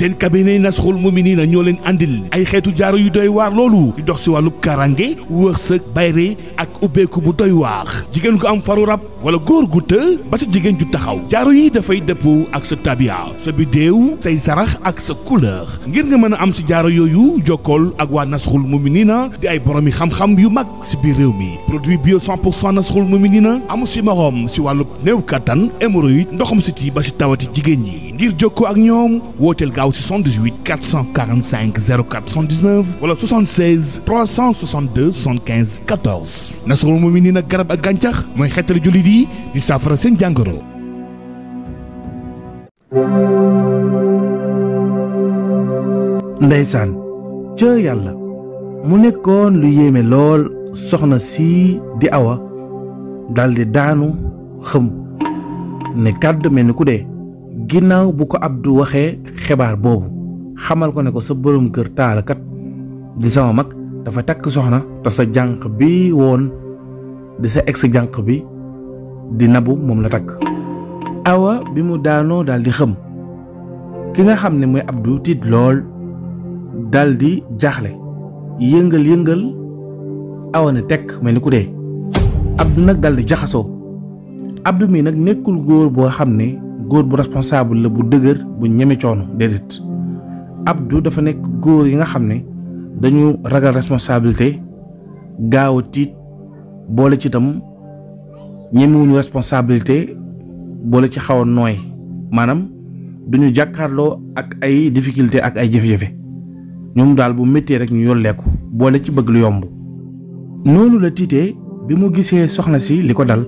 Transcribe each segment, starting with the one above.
seen cabinet nii na ñoo leen andil ay xeetu jaaro yu doy waar loolu di dox si wàllu karange wërsëg bayre ak ubbeeku bu doy waar jigéen gu am faru rab wala góor gu të ba sa jigéen ju taxaw jaaro yi dafay dëppoo ak sa tabia sa bidéew say sarax ak sa couleur ngir nga mën a am si jaaro yooyu jokkool ak waa Nasrul Muminina di ay boromi xam-xam yu mag si biir réew mi produit bio 100 pour cent Nasrul Muminina amu si morom si wàllu néew kattan hémorroïde ndoxum siti ba si tawati jigéen ñi ngir jokkoo ak ñoom wooteel gaaw gaaw si 78 445 0419 wala 76 362 75 14 Nasrul Muminin nag garab ak gàncax mooy xeetali jullit yi di seen jàngoro. Ndeysaan ca yàlla mu nekkoon lu yéeme lool soxna sii di awa daldi daanu xëm ne kàdd mel ni ku dee. ginnaaw bu ko ab du waxee xibaar boobu xamal ko ne ko sa borom kër taalakat di sama mag dafa takk soxna te sa jànq bi woon di sa ex jànq bi di nabu moom la takk awa bi mu daanoo daal di xëm ki nga xam ne mooy Abdou tiit lool daal di jaaxle yëngal yëngal awa ne tekk mel ni ku dee Abdou nag daal di jaxasoo Abdou mii nag nekkul góor boo xam ne góor bu responsable la bu dëgër bu ñeme coono déedéet Abdou dafa nekk góor yi nga xam ne dañu ragal responsabilité gaaw a tiit boole ci itam ñemewuñu responsabilité boole ci xaw a nooy maanaam duñu jàkkaarloo ak ay difficulté ak ay jafe-jafe ñoom daal bu méttee rek ñu yolleeku boole ci bëgg lu yomb noonu la tiitee bi mu gisee soxna si li ko dal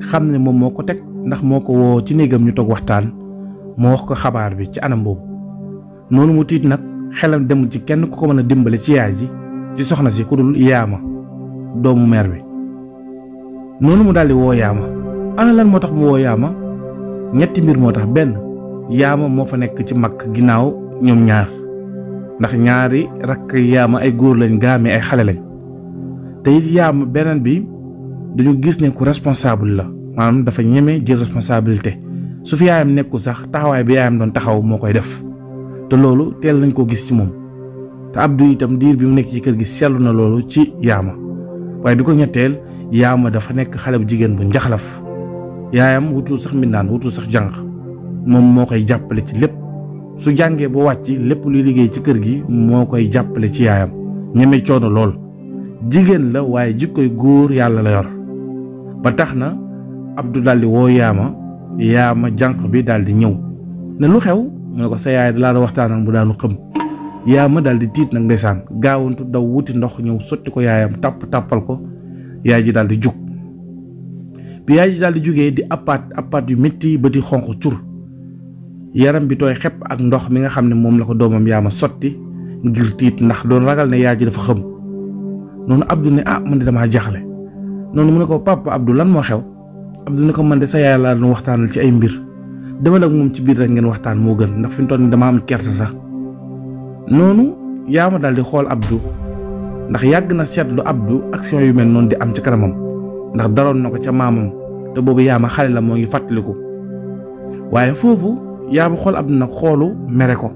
xam ne moom moo ko teg ndax moo ko woo ci néegam ñu toog waxtaan moo wax ko xabaar bi ci anam boobu noonu mu tiit nag xelam demul ci kenn ku ko mën a dimbale ci yaay ji ci soxna si ku dul yaama doomu meer bi noonu mu daldi woo yaama ana lan moo tax mu woo yaama ñetti mbir moo tax benn yaama moo fa nekk ci mag ginnaaw ñoom ñaar ndax ñaari rakk yaama ay góor lañ gaame ay xale lañ te it yaama beneen bi dañu gis ne ku responsable la maanaam dafa ñeme jël responsabilité su fi yaayam nekkul sax taxawaay bi yaayam doon taxaw moo koy def te loolu teel nañ koo gis ci moom te Abdou itam diir bi mu nekk ci kër gi seetlu na loolu ci yaama waaye bi ko ñetteel yaama dafa nekk xale bu jigéen bu njaxlaf yaayam wutul sax mbindaan wutul sax jànq moom moo koy jàppale ci lépp su jàngee ba wàcc lépp luy liggéey ci kër gi moo koy jàppale ci yaayam ñeme coono lool jigéen la waaye jikkoy góor yàlla la yor Abdou daldi woo yaama yaama jànq bi daldi ñëw ne lu xew mu ne ko sa yaay dalaa la waxtaanal mu daanu xëm yaama daldi tiit nag ndeysaan gaawantu daw wuti ndox ñëw sotti ko yaayam tàpp tàppal ko yaay ji daldi jug bi yaay ji daldi jugee di appaat appaat yu métti bëti xonq cur yaram bi tooy xepp ak ndox mi nga xam ne moom la ko doomam yaama sotti ngir tiit ndax doon ragal ne yaay ji dafa xëm noonu Abdou ne ah man de damaa jaxle noonu mu ne ko papa Abdou xew Abdou ne ko man de sa yaay laa doon waxtaanal ci ay mbir demal ak moom ci biir rek ngeen waxtaan moo gën ndax fi mu toll nii dama am kersa sax noonu yaa ma daal di xool Abdou ndax yàgg na seetlu Abdou action yu mel noonu di am ci kanamam ndax daroon na ko ca maamam te boobu yaa ma xale la moo ngi fàttaliku waaye foofu yaa ma xool Abdou nag xoolu mere ko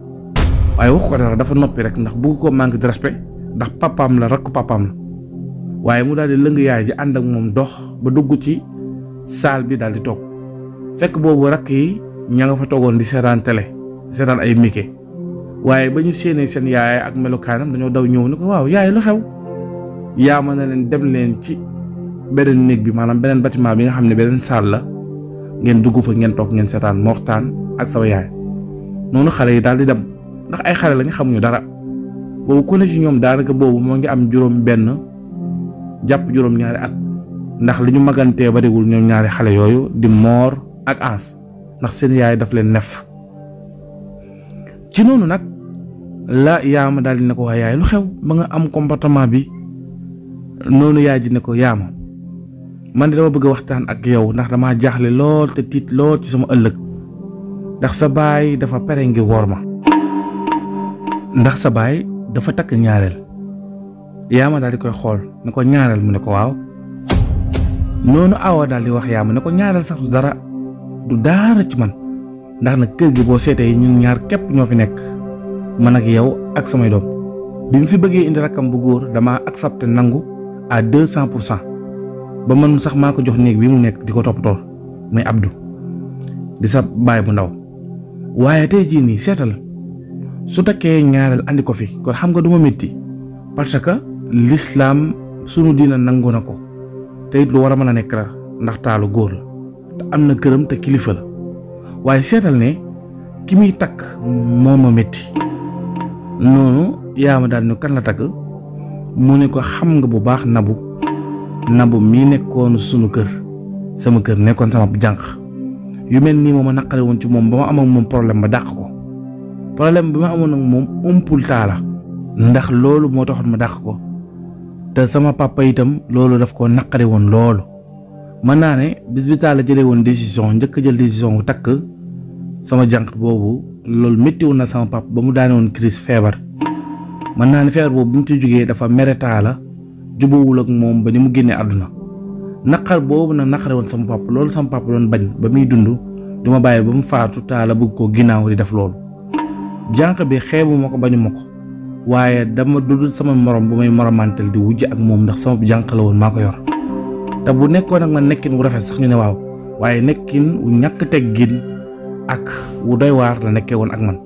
waaye wax ko dara dafa noppi rek ndax bëgg ko manque di respect ndax papaam la rakk papaam la waaye mu saal bi daal di toog fekk boobu rakk yi ña nga fa toogoon di seetaan télé seetaan ay mike waaye ba ñu séenee seen yaay ak melokaanam dañoo daw ñëw ni ko waaw yaay lu xew yaa ma na leen dem leen ci beneen néeg bi maanaam beneen bâtiment bi nga xam ne beneen saal la ngeen dugg fa ngeen toog ngeen seetaan moxtaan ak sama yaay noonu xale yi daal di dem ndax ay xale lañ xamuñu dara boobu ku ne ci ñoom daanaka boobu moo ngi am juróom benn jàpp juróom at ndax li ñu magante bariwul ñoom ñaari xale yooyu di moor ak as ndax seen yaay daf leen nef ci noonu nag la yaama daal di ne ko waa yaay lu xew ba nga am comportement bi noonu yaay ji ne ko yaama man de dama bëgg a waxtaan ak yow ndax damaa jaaxle lool te tiit lool ci sama ëllëg ndax sa baay dafa pere ngi woor ma ndax sa baay dafa takk ñaareel yaama daal di koy xool ne ko ñaareel mu ne ko waaw noonu awa daal di wax yaa ma ne ko ñaareel sax du dara du daara ci man ndax nag kër gi boo seetee ñun ñaar képp ñoo fi nekk man ak yow ak samay doom bi mu fi bëggee indi rakkam bu góor damaa accepté nangu à deux cent pour cent ba man sax maa ko jox néeg bi mu nekk di ko toppatoo muy Abdou di sa baay bu ndaw waaye tey jii nii seetal su takkee ñaareel andi ko fi kon xam nga duma ma métti parce que l'islam sunu diina nangu na ko. te it lu war a mën a nekk la ndax taalu góor la te am na këram te kilifa la waaye seetal ne ki muy takk moo ma métti noonu yaa ma daan ñu kan la takk mu ne ko xam nga bu baax nabu nabu mii nekkoon sunu kër sama kër nekkoon sama jànq yu mel nii moom a naqare woon ci moom ba ma amoon moom problème ma dàq ko problème bi ma amoon ak moom umpul taala ndax loolu moo taxoon ma dàq ko te sama papa itam loolu daf ko naqari woon loolu mën naa ne bis la jëlee woon décision njëkk jël décision bu takk sama jànq boobu loolu méttiwu na sama papa ba mu daane woon crise feebar mën naa ne feebar boobu bi mu ci jógee dafa meretaa la jubawul ak moom ba ni mu génnee àdduna naqar boobu na naqare woon sama papa loolu sama papa doon bañ ba muy dund du ma bàyyi ba mu faatu taala bugg ko ginnaaw di def loolu jànq bi xeebu ma ko bañu ma waaye dama dudul sama morom bu may moromantal di wujj ak moom ndax sama jànq la woon maa ko yor te bu nekkoon ak man nekkin wu rafet sax ñu ne waaw waaye nekkin wu ñàkk teggin ak wu doy waar la nekkee woon ak man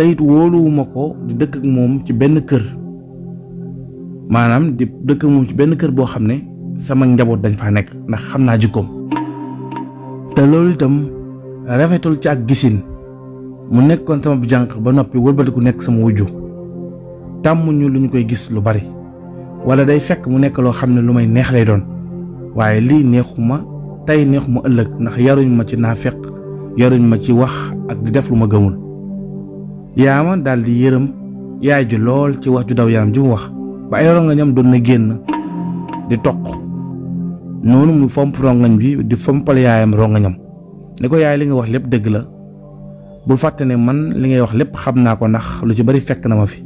te it wóoluwuma ko di dëkk ak moom ci benn kër maanaam di dëkk ak moom ci benn kër boo xam ne sama njaboot dañ faa nekk ndax xam naa jikkoom te loolu itam rafetul ci ak gisin mu nekkoon sama jànq ba noppi ku nekk sama wujju tàmmuñu lu ñu koy gis lu bari wala day fekk mu nekk loo xam ne lu may neex lay doon waaye lii neexu ma tey neex ma ëllëg ndax yaruñ ma ci naafeq yaruñ ma ci wax ak di def lu ma gëmul yaama daldi yërëm yaay ju lool ci wax ju daw yaram ji mu wax ba ay rongañam doon na génn di toq noonu mu fomp rongañ bi di fompal yaayam rongañam ni ko yaay li ngay wax lépp dëgg la bul fàtte ne man li ngay wax lépp xam naa ko ndax lu ci bari fekk na ma fi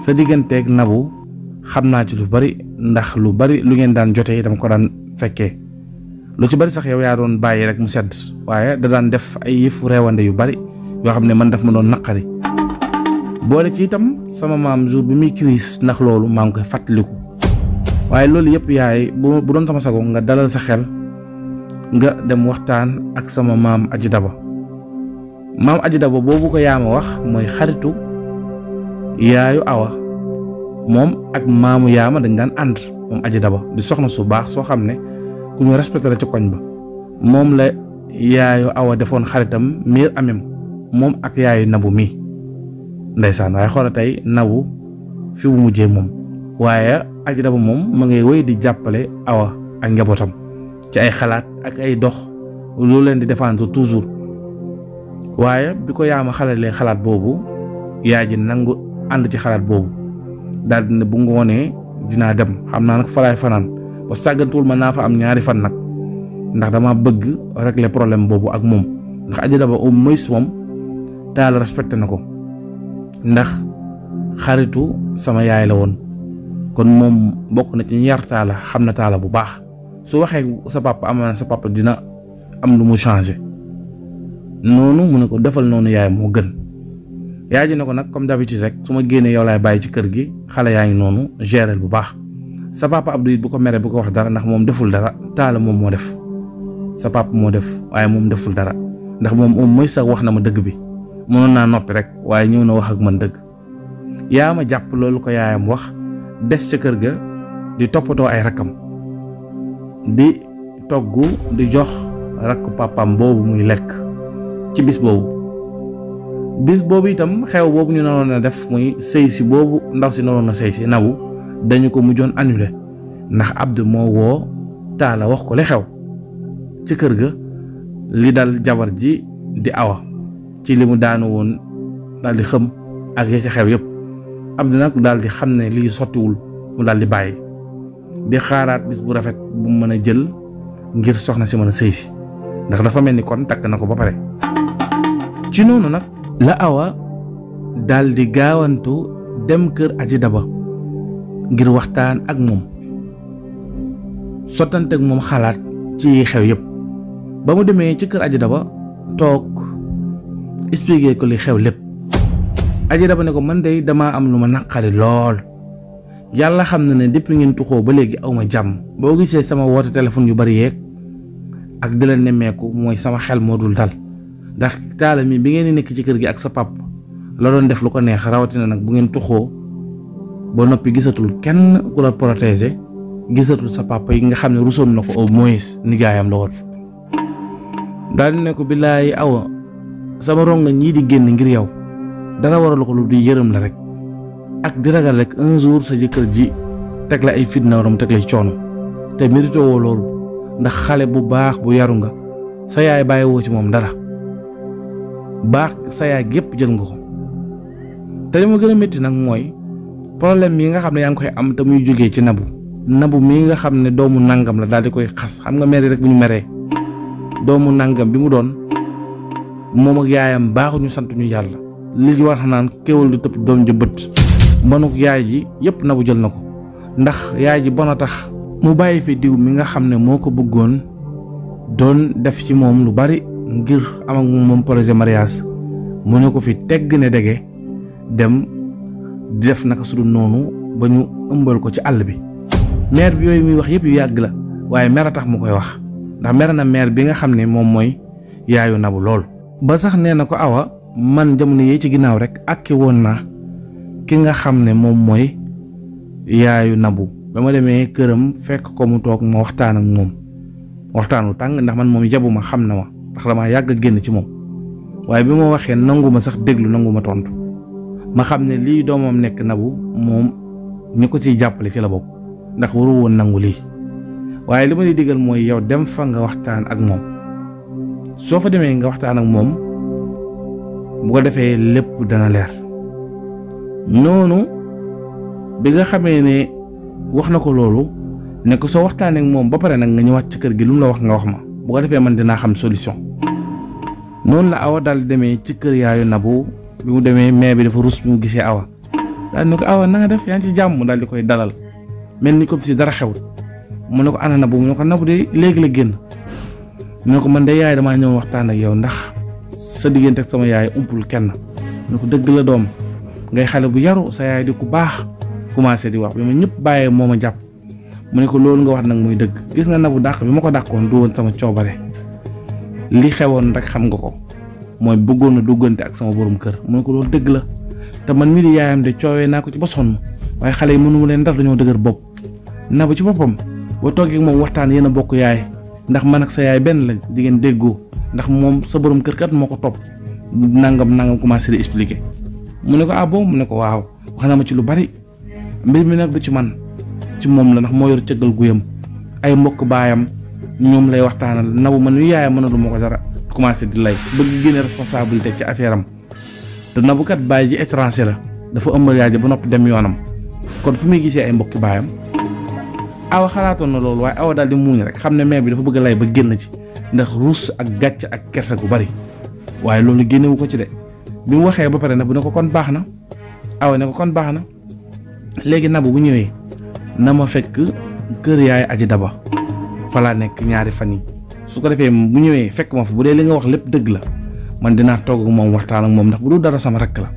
sa digganteeg nabu xam naa ci lu bari ndax lu bari lu ngeen daan jotee dama ko daan fekkee lu ci bari sax yow yaa doon bàyyi rek mu sedd waaye da daan def ay yëfu reewande yu bari yoo xam ne man daf ma doon naqari boole ci itam sama maam jour bi muy crise ndax loolu maa ngi koy fàttaliku waaye loolu yëpp yaay bu bu doon sama sago nga dalal sa xel nga dem waxtaan ak sama maam aji daba maam aji daba boobu ko yaa ma wax mooy xaritu yaayu awa moom ak maamu yaama dañ daan ànd moom aji daba di soxna su baax soo xam ne ku ñu respecté la ci koñ ba moom la yaayu awa defoon xaritam miir amem moom ak yaayu nabu mii ndeysaan waaye xoola tey nabu fi mu mujjee moom waaye aji daba moom mu ngay wéy di jàppale awa ak njabootam ci ay xalaat ak ay dox loolu leen di défendre toujours waaye bi ko yaama xalalee xalaat boobu yaa ji nangu ànd ci xalaat boobu daal di ne bu ngoonee dinaa dem xam naa nag falaay fanaan ba sàggantuwul mën naa fa am ñaari fan nag ndax dama bëgg régler problème boobu ak moom ndax Adji Daba au moins moom taal respecté na ko ndax xaritu sama yaay la woon kon moom bokk na ci ñu taala xam na taala bu baax su waxee sa papa amaana sa papa dina am lu mu changé noonu mu ne ko defal noonu yaay moo gën yaay ji ne ko nag comme d'habitude rek su ma génnee yow laay bàyyi ci kër gi xale yaa ngi noonu gérer bu baax sa papa Abdou it bu ko meree bu ko wax dara ndax moom deful dara taala moom moo def sa papa moo def waaye moom deful dara ndax moom au moins sax wax na ma dëgg bi mënoon naa noppi rek waaye ñëw na wax ak man dëgg yaa ma jàpp loolu ko yaayam wax des ca kër ga di toppatoo ay rakkam di togg di jox rakk papam boobu muy lekk ci bis boobu bis boobu itam xew boobu ñu naroon a def muy sëy si boobu ndaw si naroon na sëy si nabu dañu ko mujjoon annulé ndax Abdou moo woo Talla wax ko li xew ci kër ga li dal jabar ji di awa ci li mu daanu woon daal di xëm ak ya ci xew yépp Abdou nag daal di xam ne lii sottiwul mu daal di bàyyi di xaaraat bis bu rafet bu mën a jël ngir soxna si mën a sëy si ndax dafa mel ni kon takk na ko ba pare ci noonu nag la awa daal di gaawantu dem kër aji ngir waxtaan ak moom sottante ak moom xalaat ci xew yëpp ba mu demee ci kër aji toog expliqué ko li xew lépp aji daba ne ko man dey damaa am lu ma naqari lool yàlla xam na ne depuis ngeen tuxoo ba léegi awma jàmm boo gisee sama woote téléphone yu bari yeeg ak di nemmeeku mooy sama xel moo dul dal ndax taala mi bi ngeen nekk ci kër gi ak sa pap la doon def lu ko neex rawatina nag bu ngeen toxoo ba noppi gisatul kenn ku la protéger gisatul sa papa yi nga xam ne rusoon na ko au moins nijaayam la woon daal di ne ko billaay awa sama rongañ ñii di génn ngir yow dara waralu ko lu du yërëm la rek ak di ragal rek jour sa jëkkër ji teg la ay fitna waram teg lay coono te mérite loolu ndax xale bu baax bu yaru nga sa yaay bàyyi woo ci moom dara baax sa yaay gépp jël nga ko te li gën a métti nag mooy problème yi nga xam ne yaa ngi koy am te muy jógee ci nabu nabu mii nga xam ne doomu nangam la daal di koy xas xam nga mere rek bu ñu meree doomu nangam bi mu doon moom ak yaayam baaxuñu sant ñu yàlla li ñu war xanaan kéwal du tëb doom ja bët mbonuk yaay ji yëpp nabu jël na ko ndax yaay ji bon a tax mu bàyyi fi diw mi nga xam ne moo ko bëggoon doon def ci moom lu bari ngir am moom projet mariage mu ne ko fi tegg ne dege dem di def naka su noonu ba ñu ëmbal ko ci àll bi maire bi yooyu muy wax yëpp yu yàgg la waaye mer a tax mu koy wax ndax mer na maire bi nga xam ne moom mooy yaayu nabu lool. ba sax nee na ko awa man jamono yee ci ginnaaw rek akki woon naa ki nga xam ne moom mooy yaayu nabu ba ma demee këram fekk ko mu toog ma waxtaan ak moom waxtaanu tàng ndax man moom yabu ma xam na ma. ndax damaa yàgg a génn ci moom waaye bi ma waxee nangu ma sax déglu nangu ma tontu ma xam ne lii doomam nekk nagu moom ñu ko ciy jàppale ci la bokk ndax waru woon nangu lii waaye li ma di digal mooy yow dem fa nga waxtaan ak moom soo fa demee nga waxtaan ak moom bu ko defee lépp dana leer noonu bi nga xamee ne wax na ko loolu ne ko soo waxtaanee moom ba pare nag nga wax ci kër gi lu mu la wax nga wax ma. bu ko defee man dinaa xam solution noonu la awa daal demee ci kër yaayu nabu bi mu demee mais bi dafa rus bi mu gisee awa daal ni ko awa na def yaa ngi ci jàmm daal di koy dalal mel ni comme si dara xew mu ne ko ana nabu mu ne ko nabu de léegi la génn mu ne ko man de yaay damaa ñëw waxtaan ak yow ndax sa diggante ak sama yaay umpul kenn mu ko dëgg la doom ngay xale bu yaru sa yaay di ku baax commencé di wax bi ma ñëpp bàyyee moo ma jàpp. mu ne ko loolu nga wax nag muy dëgg gis nga nabu dàq bi ma ko dàqoon du woon sama coobare li xewoon rek xam nga ko mooy bëggoon na duggante ak sama borom kër mu ne ko loolu dëgg la te man mi di yaayam de naa ko ci ba waaye xale yi mënu leen dara dañoo dëgër bopp nabu ci boppam boo toogee moom waxtaan yéen a bokk yaay ndax man ak sa benn lañ di ngeen déggoo ndax sa borom kër kat moo ko topp nangam nangam commencé di expliquer mu ne ko ah mu ne ko waaw wax na ma ci lu bari mbir mi nag du ci man. ci moom la ndax moo yor cëggal guyam ay mbokk baayam ñoom lay waxtaanal nabu man yu yaayam mënalu ma ko dara commencé di lay bëgg génne responsabilité ci affaire am te nabukat baay ji étranger la dafa ëmbal yaay ji ba noppi dem yoonam kon fu may gisee ay mbokki baayam awa xalaatoon na loolu waaye awa daal di muuñ rek xam ne mère bi dafa bëgg lay ba génn ci ndax ruus ak gàcc ak kersa gu bari waaye loolu génnewu ko ci de bi mu waxee ba pare nabu ne ko kon baax na awa ne ko kon baax na léegi nabu bu ñëwee na ma fekk kër yaay aji daba falaa nekk ñaari fan yi su ko defee bu ñëwee fekk ma fa bu dee li nga wax lépp dëgg la man dinaa toog moom waxtaan ak moom ndax bu dul dara sama rakk la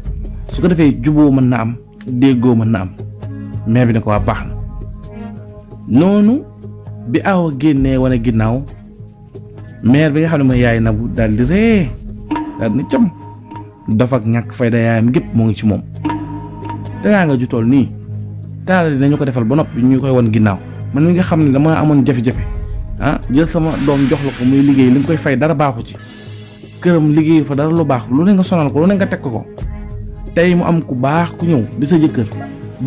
su ko defee juboo mën na am déggoo mën na am mais bi ne ko waa baax noonu bi awa génnee wane ginnaaw maire bi nga xam ne ma yaay nabu daal di ree daal di cam dof ak ñàkk fayda yaayam gépp moo ngi ci moom dangaa nga ju toll nii daara dinañu ko defal ba noppi ñu koy wan ginnaaw man mi nga xam ne damaa amoon jafe-jafe ah jël sama doom jox la ko muy liggéey li nga koy fay dara baaxu ci këram liggéeyu fa dara lu baax lu ne nga sonal ko lu ne nga teg ko tey mu am ku baax ku ñëw di sa jëkkër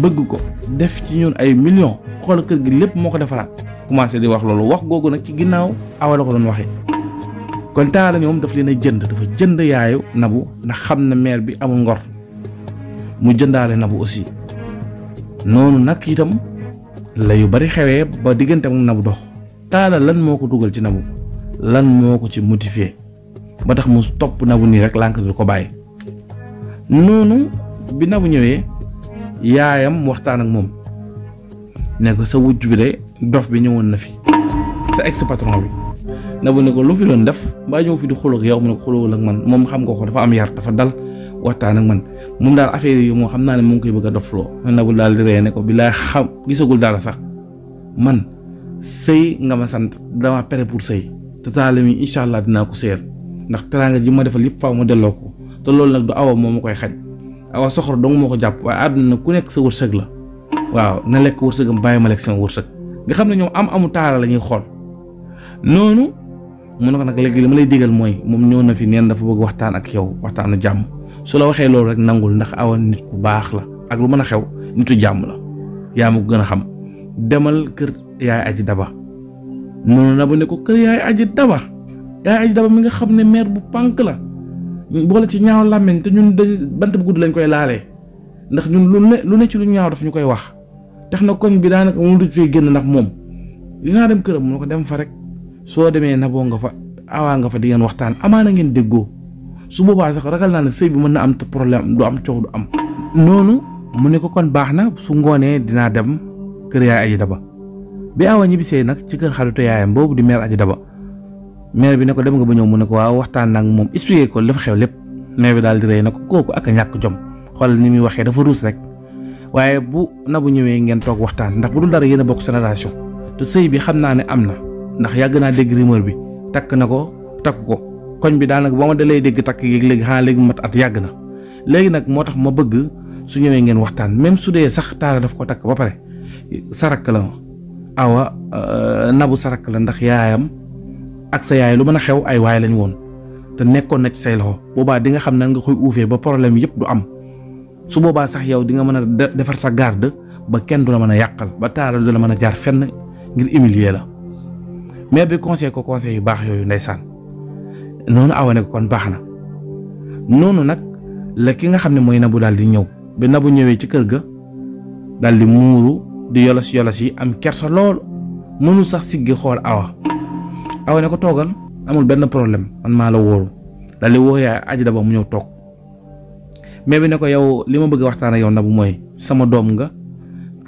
bëgg ko def ci ñun ay millions xool kër gi lépp moo ko defaraat commencé di wax loolu wax googu nag ci ginnaaw awa la ko doon waxee kon taala ñoom daf leen a jënd dafa jënd yaayu nabu ndax xam na meer bi amul ngor mu jëndaale na nabu aussi noonu nag itam la yu bari xewee ba diggante mu nabu dox taala lan moo ko dugal ci nabu lan moo ko ci motivé ba tax mu topp nabu nii rek lànk du ko bàyyi noonu bi nabu ñëwee yaayam waxtaan ak moom nekk ko sa wujj bi de dof bi ñëwoon na fi sa ex patron bi nabu ne ko lu fi doon def mbaa ñëw fi di xuloo yow mu ne ko xuloo ak man moom xam nga ko dafa am yar dafa dal waxtaan ak man moom daal affaire yu moo xam naa ne mu ngi koy bëgg a dofloo nagu daal di ree ne ko bi laa xam gisagul dara sax man sëy nga ma sant dama pere pour sëy te taale mi incha allah dinaa ko seer ndax teraanga ji ma defal yëpp faw ma delloo ko te loolu nag du awa moo ma koy xaj awa soxor dong moo ko jàpp waaye àdduna ku nekk sa wërsëg la waaw na lekk wërsëgam bàyyi ma lekk sama wërsëg nga xam ne ñoom am amu taara la ñuy xool noonu mu nag léegi li ma lay digal mooy moom ñëw fi neen ak yow su la waxee loolu rek nangul ndax awa nit ku baax la ak lu mën a xew nitu jàmm la yaa mu gën a xam demal kër yaay aji daba noonu na ba ne ko kër yaay aji daba yaay mi nga xam ne maire bu pànk la boole ci ñaaw làmmiñ te ñun de bant bu lañ koy laalee ndax ñun lu ne ci lu ñaaw daf ñu koy wax tax na koñ bi daanaka moom du fee génn ndax moom dinaa dem këram mu ne ko dem fa rek soo demee naboo nga fa awaa nga fa di ngeen waxtaan na ngeen déggoo su boobaa sax ragal naa ne sëy bi mën na am problème du am coow du am. noonu mu ne ko kon baax na su ngoonee dinaa dem kër yaay aji daba bi awa ñibbisee nag ci kër xaritu yaayam boobu di meer aji daba meer bi ne ko dem nga ba ñëw mu ne ko waaw waxtaan nag moom expliqué ko dafa xew lépp meer bi daal di rey na ko kooku ak ñàkk jom xoolal ni muy waxee dafa ruus rek waaye bu na ñëwee ngeen toog waxtaan ndax bu dul dara yéen a bokk génération te sëy bi xam naa ne am na ndax yàgg naa dégg rumeur bi takk na ko takk ko. koñ bi daanaka ba ma dalay dégg takk yéeg léegi xanaa léegi mat at yàgg na léegi nag moo tax ma bëgg su ñëwee ngeen waxtaan même su dee sax taara daf ko takk ba pare sarak la awa euh, nabu sarak la ndax yaayam ak sa yaay lu mën a xew ay waay lañ woon te nekkoon na ci say loxo boobaa dinga xam ne nga koy uufee ba problème yëpp du am su boobaa sax yow di nga mën a defar sa garde ba kenn du la mën a yàqal ba taara du la mën a jaar fenn ngir humilier la mais bi conseil ko conseil yu baax yooyu ndeysaan noonu awa ne ko kon baax na noonu nag la ki nga xam ne mooy na bu daal di ñëw bi bu ñëwee ci kër ga dal di muuru di yolos yolos yi am kersa lool mënul sax siggi xool awa awa ne ko toogal amul benn problème man maa la wóoru dal di woo yaay aji daba mu ñëw toog mais bi ne ko yow li ma bëgg waxtaan ak yow bu mooy sama doom nga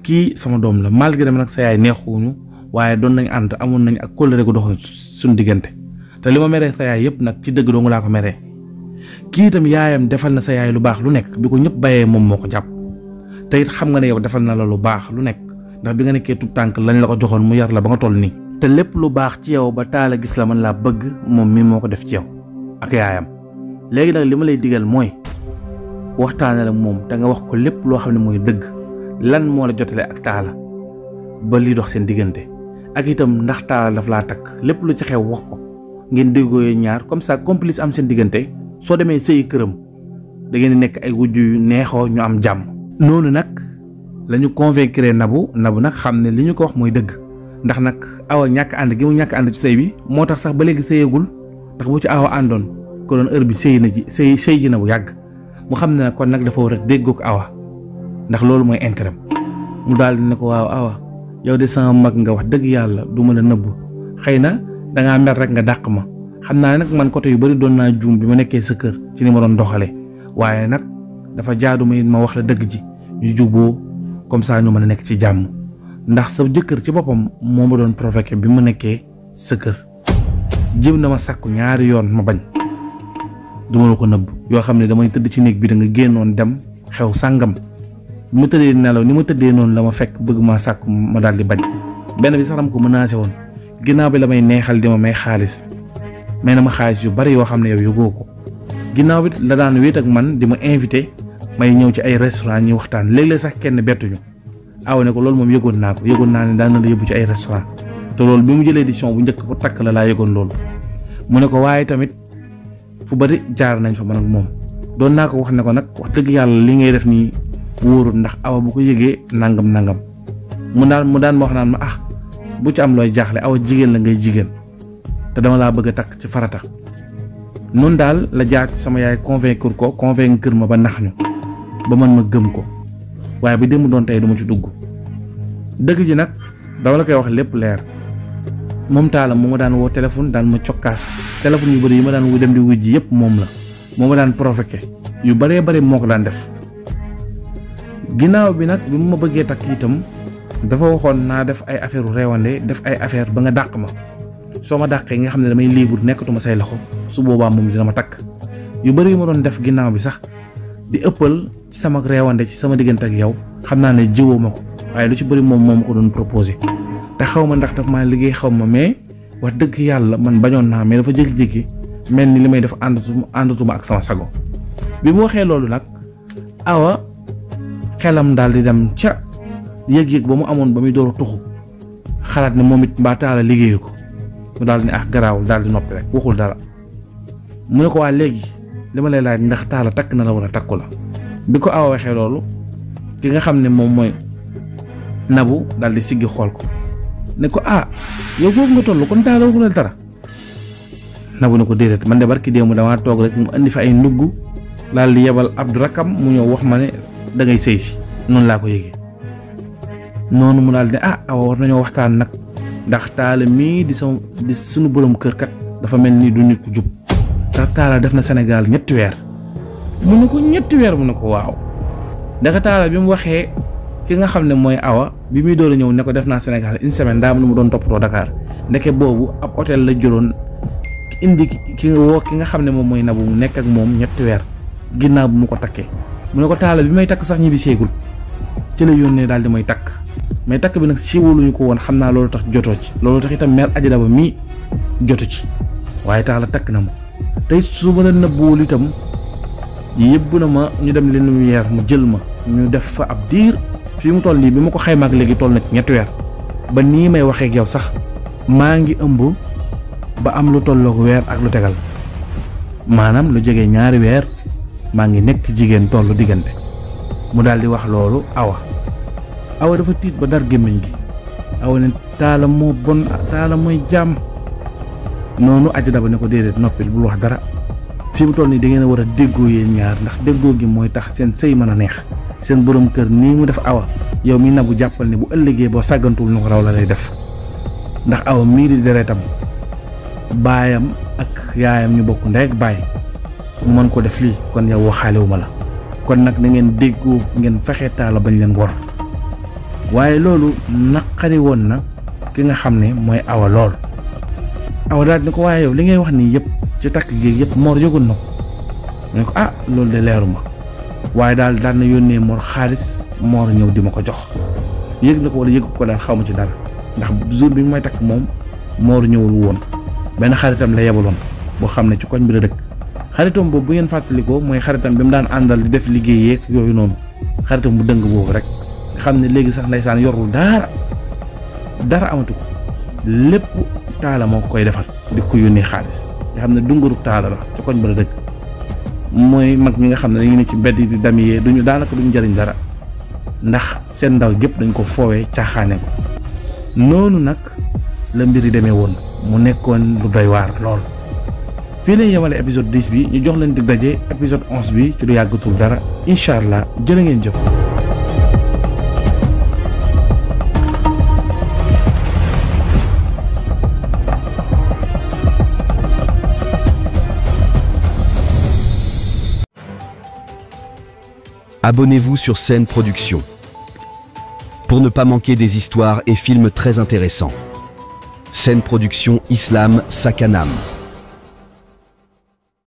kii sama doom la malgré nag sa yaay neexuñu waaye doon nañ ànd amoon nañ ak kóllëre gu dox suñ diggante te li ma meree sa yaay yëpp nag ci dëgg dong laa ko meree kii itam yaayam defal na sa yaay lu baax lu nekk bi ko ñëpp bàyyee moom moo ko jàpp te it xam nga ne yow defal na la lu baax lu nekk ndax bi nga nekkee tout tànk lañ la ko joxoon mu yar la ba nga toll nii. te lépp lu baax ci yow ba taala gis la man laa bëgg moom mii moo ko def ci yow ak yaayam léegi nag li ma lay digal mooy waxtaanee la moom te nga wax ko lépp loo xam ne mooy dëgg lan moo la jotale ak taala ba lii dox seen diggante ak itam ndax daf laa takk lépp lu ci xew wax ko. ngeen déggoo ñaar comme ça complice am seen diggante soo demee sëyi këram da ngeen di nekk ay wujj yu neexoo ñu am jàmm. noonu nag lañu ñu convaincre nabu nag xam ne li ñu ko wax mooy dëgg ndax nag awa ñàkk ànd gi mu ñàkk ànd ci sëy bi moo tax sax ba léegi sëyeegul ndax bu ci awa àndoon ko doon heure bi sëy na ji sëy sëy ji na bu yàgg mu xam ne kon nag dafa war a dégg ko awa ndax loolu mooy intérêt mu daal di ne ko waaw awa yow de sama mag nga wax dëgg yàlla du ma la nëbbu xëy na da ngaa mer rek nga dàq ma xam naa nag man côté yu bari doon naa juum bi ma nekkee sa kër ci ni ma doon doxalee waaye nag dafa jaadu ma it ma wax la dëgg ji ñu juboo comme ça ñu mën a nekk ci jàmm ndax sa jëkkër ci boppam moo ma doon provoqué bi ma nekkee sa kër jëm na ma sàkku ñaari yoon ma bañ duma la ko nëbb yoo xam ne damay tëdd ci néeg bi da nga génnoon dem xew sàngam ma tëddee nelaw ni ma tëddee noonu la ma fekk bëgg maa sàkku ma daal di bañ bi sax dama ko menacé woon ginnaaw bi la may neexal di ma may xaalis may na ma xaalis yu bari yoo xam ne yow yëgoo ko ginnaaw bi la daan wéet ak man di ma invité may ñëw ci ay restaurant ñuy waxtaan léeg-léeg sax kenn bettuñu aw ne ko loolu moom yëgoon naa ko yëgoon naa ne daan la yóbbu ci ay restaurant te loolu bi mu jëlee décision bu njëkk bu takk la laa mu ne ko waaye tamit fu bari jaar nañ fa man ak moom doon naa ko wax ne ko nag wax dëgg yàlla li ngay def nii wóorul ndax awa bu ko yégee nangam nangam mu daan mu daan ma wax naan ma ah bu ci am looy jaaxle awa jigéen la ngay jigéen te dama laa bëgg a takk ci farata noonu daal la jaar sama yaay convaincre ko convaincre ma ba nax ñu ba man ma gëm ko waaye bi démb doon tey du ci dugg dëgg ji nag dama la koy wax lépp leer moom taala moo ma daan woo téléphone daan ma cokkaas téléphone yu bëri yi ma daan dem di wuj ji yëpp moom la moo ma daan provoqué yu bëree bëri moo ko daan def ginnaaw bi nag bi mu ma bëggee takk itam dafa waxoon naa def ay affaire u réewande def ay affaire ba nga dàq ma soo ma dàqee nga xam ne damay libre nekkatuma say loxo su boobaa moom dina ma takk yu bëri yu ma doon def ginnaaw bi sax di ëppal ci sama réewande ci sama diggante ak yow xam naa ne jiwoo ma ko waaye lu ci bari moom moom ma ko doon proposé te xaw ma ndax daf maa liggéey xaw ma mais wax dëkk yàlla man bañoon naa mais dafa jékki-jékki mel ni li may def àndatuma àndatuma ak sama sago bi mu waxee di dem yëg-yëg ba mu amoon ba muy door tuxu xalaat ne moom it mbaa taala liggéeyu ko mu daal ne ah garaawul daal di noppi rek waxul dara mu ne ko waa léegi li ma lay laaj ndax taala takk na la wala takku la bi ko awa waxee loolu ki nga xam ne moom mooy nabu daal di siggi xool ko ne ko ah yow foofu nga toll kon taala waxu dara nabu ne ko déedéet man de barki démb damaa toog rek mu indi fa ay ndugg daal di yebal abdu rakam mu ñëw wax ma ne dangay ngay noonu laa ko yëgee noonu mu daal di ne ah awa nañoo waxtaan nag ndax taala mii di sama di sunu borom kër kat dafa mel ni du nit ku jub ndax taala def na Sénégal ñetti weer mu ne ko ñetti weer mu ne ko waaw ndax taala bi mu waxee ki nga xam ne mooy awa bi muy doon ñëw ne ko def naa Sénégal une semaine daa am lu mu doon toppatoo Dakar ndeke boobu ab hôtel la jëloon indi ki woo ki nga xam ne moom mooy nabu mu nekk ak moom ñetti weer ginnaaw bu mu ko takkee mu ne ko taala bi may takk sax ñibbi ci la yónnee daal di may takk. mais takk bi nag siiwaluñu ko woon xam naa loolu tax jotoo ci loolu tax itam mère Adji Daba mii jotu ci waaye tax takk na ma tey su ma la nëbbuwul itam yëbbu na ma ñu dem li lumière mu jël ma ñu def fa ab diir fi mu toll nii bi ma ko xaymaak léegi toll na ci ñetti weer ba nii may waxee ak yow sax maa ngi ëmb ba am lu tolloog weer ak lu tegal maanaam lu jege ñaari weer maa ngi nekk jigéen tollu diggante mu daal di wax loolu awa awa dafa tiit ba dara gémmiñ gi awa ne taala moo bon taala mooy jàmm noonu aja daba ne ko déedéet noppil bul wax dara fi mu toll nii da ngeen war a déggoo yéen ñaar ndax déggoo gi mooy tax seen sëy mën a neex seen boroom kër nii mu def awa yow mi nabu jàppal ne bu ëllëgee boo sàggantul nu ko raw la lay def ndax awa mii di deretam baayam ak yaayam ñu bokk ndey ak baay mu mën ko def lii kon yow waxaale wu ma la kon nag dangeen ngeen déggoo ngeen fexe taala bañ leen wor waaye loolu naqari woon na ki nga xam ne mooy awa lool awa daal ni ko waaye yow li ngay wax nii yëpp ci takk gi yëpp Mor yëgul na ko ah, loolu de leeru ma waaye daal daan na yónnee Mor xaalis Mor ñëw di ma ko jox yëg na ko wala ko daal xaw ma ci dara ndax jour bi may takk moom Mor ñëwul woon benn xaritam la yebaloon boo xam ne ci koñ bi la dëkk xaritam boobu bu ngeen fàttalikoo mooy xaritam bi mu daan àndal di def liggéey yeeg yooyu noonu xaritam bu dëng boobu rek. xam ne léegi sax ndeysaan yorul daara dara amatu ko lépp taala moo ko koy defal di ko yónnee xaalis nga xam ne dunguru taala la ci koñ ba la dëkk mooy mag ñi nga xam ne dañu ne ci mbedd di damiyee duñu daanaka duñu jëriñ dara ndax seen ndaw jëpp dañ ko foowee caaxaane ko noonu nag la mbir yi demee woon mu nekkoon lu doy waar lool fii lañ yemale épisode 10 bi ñu jox leen di daje épisode 11 bi ci lu yàggatul dara incha allah jërë ngeen jëf abonnez-vous sur Scène Productions pour ne pas manquer des histoires et films très intéressants. Scène Production Islam Sakanam.